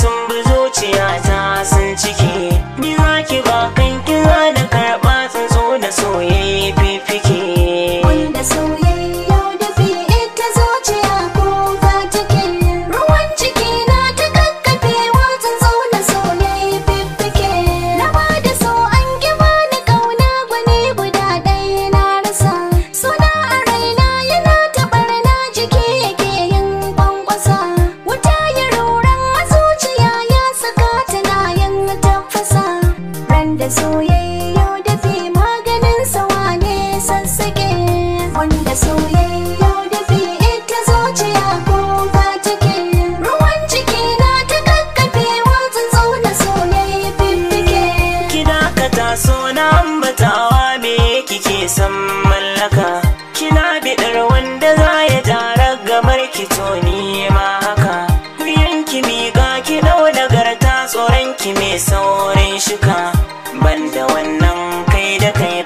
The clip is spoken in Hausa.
So. da soyayya da fi maganin sawa ne sassake wanda soyayya da fi ita zuciya ko ta take ruwan ciki na ta kakkafe wata zauna soyayya fiffike Kina kataso so na ambatawa me kike san mallaka kina bidar wanda za ya tara gamar ki to ni ma haka yanki miƙa ki dau nagarta tsoron ki me saurin shika banda wannan kai da kai